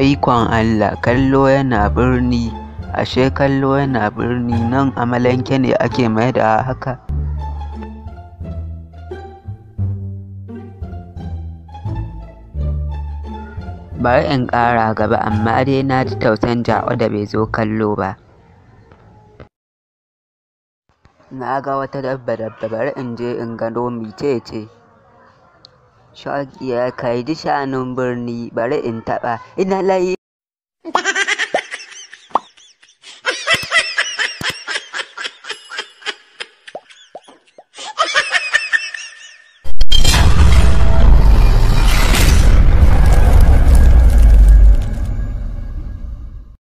Ikon Allah, kallo yana birni, ashe kallo yana birni, nan amalanke ne ake da haka? Bari in ƙara gaba amma dai na ji tausan jawo da bai zo kallo ba. Na ga wata dabba dabba bari in je in gano mece ce. Shot ya kai da birni bari in taɓa, ina layi.